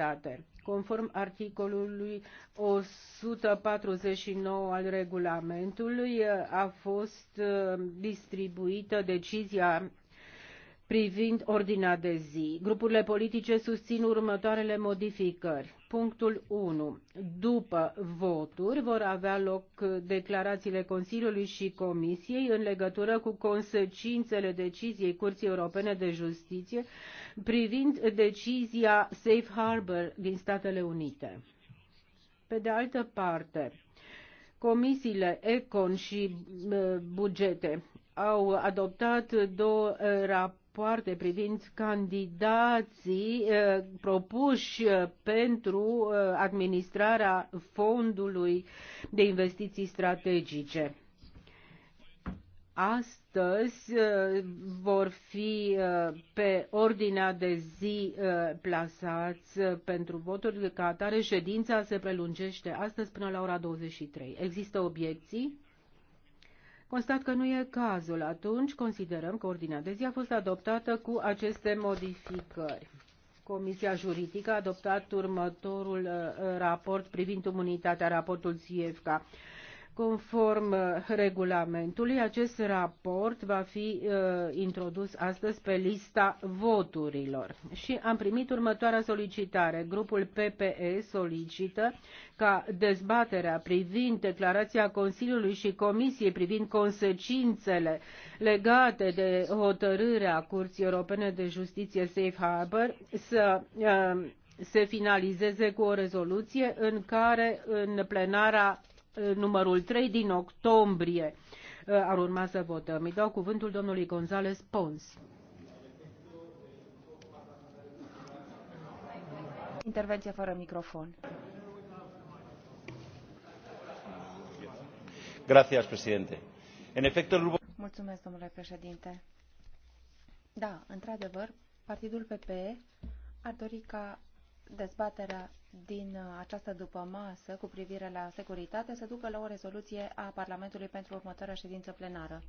state. Conform articolului 149 al regulamentului a fost uh, distribuită decizia privind ordinea de zi. Grupurile politice susțin următoarele modificări. Punctul 1. După voturi vor avea loc declarațiile Consiliului și Comisiei în legătură cu consecințele deciziei Curții Europene de Justiție privind decizia Safe Harbor din Statele Unite. Pe de altă parte, comisiile Econ și uh, bugete au adoptat două uh, rapoarte poarte privind candidații uh, propuși uh, pentru uh, administrarea fondului de investiții strategice. Astăzi vor fi pe ordinea de zi plasați pentru voturi ca atare. Ședința se prelungește astăzi până la ora 23. Există obiecții? Constat că nu e cazul. Atunci considerăm că ordinea de zi a fost adoptată cu aceste modificări. Comisia Juridică a adoptat următorul uh, raport privind imunitatea, raportul CIEFCA. Conform uh, regulamentului, acest raport va fi uh, introdus astăzi pe lista voturilor. Și am primit următoarea solicitare. Grupul PPE solicită ca dezbaterea privind declarația Consiliului și Comisiei privind consecințele legate de hotărârea Curții Europene de Justiție Safe Harbor să uh, se finalizeze cu o rezoluție în care în plenara numărul 3 din octombrie. Uh, ar urma să votăm. Îi dau cuvântul domnului González Pons. Intervenție fără microfon. Gracias, presidente. En efecto, el grupo... Mulțumesc, domnule președinte. Da, într-adevăr, Partidul PPE ar dori ca dezbaterea din uh, această dupămasă cu privire la securitate să ducă la o rezoluție a Parlamentului pentru următoarea ședință plenară.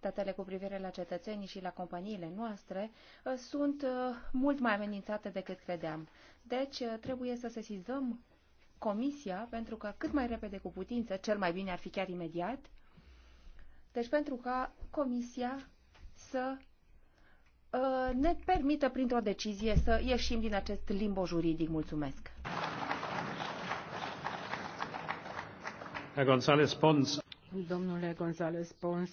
Datele cu privire la cetățenii și la companiile noastre uh, sunt uh, mult mai amenințate decât credeam. Deci trebuie să sesizăm Comisia pentru că cât mai repede cu putință, cel mai bine ar fi chiar imediat, deci pentru ca Comisia să Uh, ne permită printr-o decizie să ieșim din acest limbo juridic. Mulțumesc! Pons. Domnule González Pons,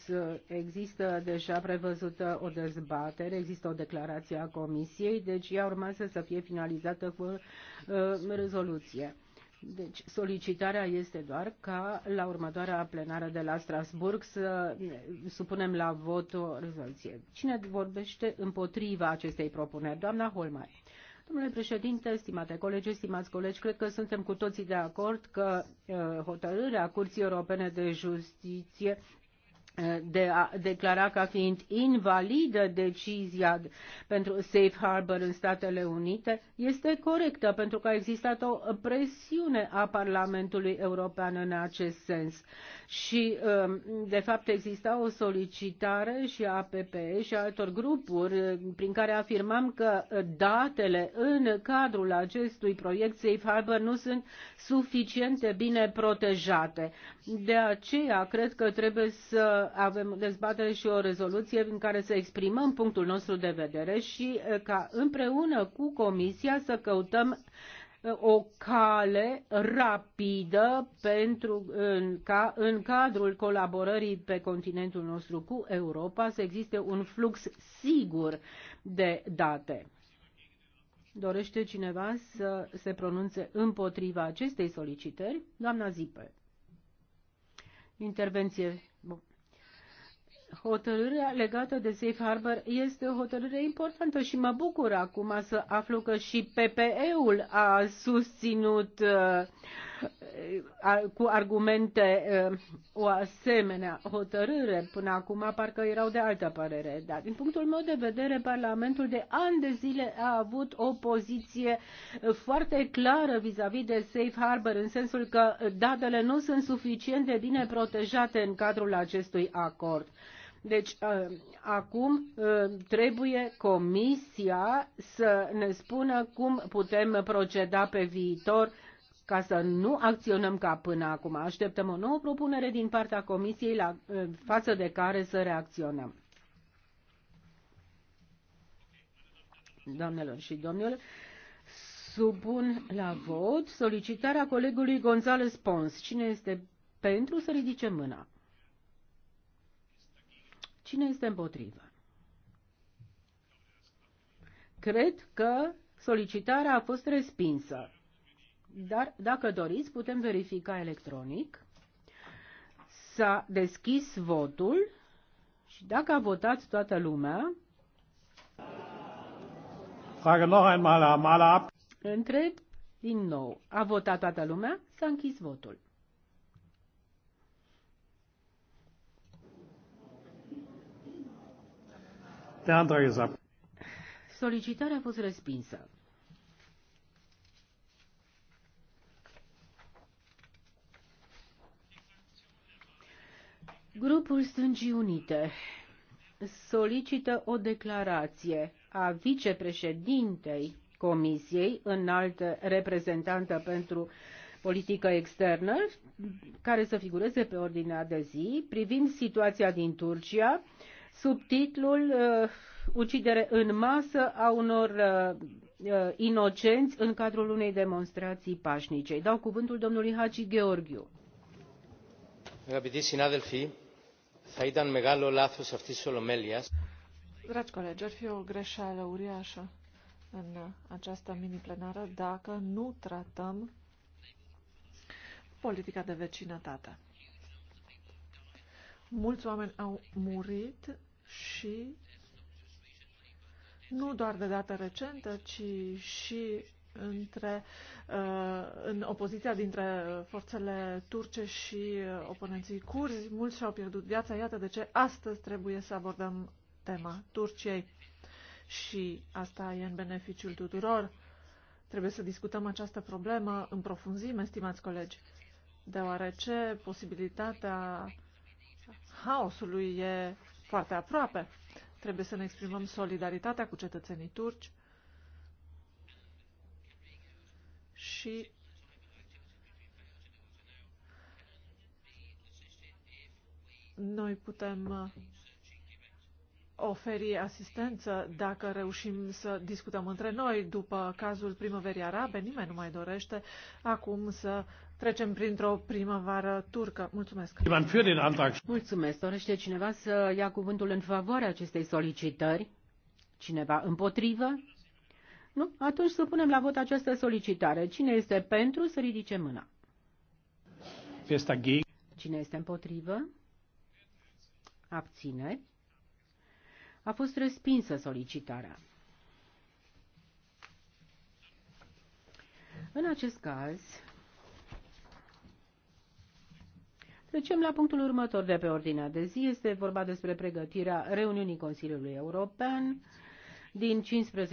există deja prevăzută o dezbatere, există o declarație a Comisiei, deci ea urmează să fie finalizată cu uh, rezoluție. Deci solicitarea este doar ca la următoarea plenară de la Strasburg să supunem la vot o rezoluție. Cine vorbește împotriva acestei propuneri? Doamna Holmai. Domnule președinte, stimate colegi, stimați colegi, cred că suntem cu toții de acord că uh, hotărârea Curții Europene de Justiție de a declara ca fiind invalidă decizia pentru safe harbor în Statele Unite este corectă pentru că a existat o presiune a Parlamentului European în acest sens și um, de fapt exista o solicitare și a PPE și a altor grupuri uh, prin care afirmam că datele în cadrul acestui proiect safe harbor nu sunt suficient de bine protejate. De aceea cred că trebuie să avem dezbatere și o rezoluție în care să exprimăm punctul nostru de vedere și ca împreună cu Comisia să căutăm o cale rapidă pentru în, ca în cadrul colaborării pe continentul nostru cu Europa să existe un flux sigur de date. Dorește cineva să se pronunțe împotriva acestei solicitări? Doamna Zipe. Intervenție hotărârea legată de Safe Harbor este o hotărâre importantă și mă bucur acum să aflu că și PPE-ul a susținut uh, cu argumente uh, o asemenea hotărâre. Până acum parcă erau de altă părere. Dar din punctul meu de vedere, Parlamentul de ani de zile a avut o poziție foarte clară vis-a-vis -vis de Safe Harbor, în sensul că datele nu sunt suficient de bine protejate în cadrul acestui acord. Deci, ă, acum ă, trebuie Comisia să ne spună cum putem proceda pe viitor ca să nu acționăm ca până acum. Așteptăm o nouă propunere din partea Comisiei la, ă, față de care să reacționăm. Doamnelor și domnilor, supun la vot solicitarea colegului Gonzales Pons. Cine este pentru să ridice mâna? Cine este împotrivă? Cred că solicitarea a fost respinsă. Dar, dacă doriți, putem verifica electronic. S-a deschis votul și dacă a votat toată lumea... Frage noch einmal, Întreb din nou. A votat toată lumea? S-a închis votul. Solicitarea a fost respinsă. Grupul Stângii Unite solicită o declarație a vicepreședintei Comisiei, înaltă reprezentantă pentru politică externă, care să figureze pe ordinea de zi, privind situația din Turcia, subtitlul uh, Ucidere în masă a unor uh, uh inocenți în cadrul unei demonstrații pașnice. dau cuvântul domnului Haci Gheorghiu. Dragi colegi, ar fi o greșeală uriașă în această mini-plenară dacă nu tratăm politica de vecinătate. Mulți oameni au murit și nu doar de dată recentă, ci și între, uh, în opoziția dintre forțele turce și oponenții curzi. Mulți și-au pierdut viața. Iată de ce astăzi trebuie să abordăm tema Turciei. Și asta e în beneficiul tuturor. Trebuie să discutăm această problemă în profunzime, stimați colegi, deoarece posibilitatea haosului e foarte aproape. Trebuie să ne exprimăm solidaritatea cu cetățenii turci și noi putem oferi asistență dacă reușim să discutăm între noi. După cazul primăverii arabe, nimeni nu mai dorește acum să trecem printr-o primăvară turcă. Mulțumesc! Mulțumesc! Dorește cineva să ia cuvântul în favoarea acestei solicitări? Cineva împotrivă? Nu? Atunci să punem la vot această solicitare. Cine este pentru, să ridice mâna. Cine este împotrivă? Abțineri? A fost respinsă solicitarea. În acest caz, trecem la punctul următor de pe ordinea de zi. Este vorba despre pregătirea reuniunii Consiliului European din 15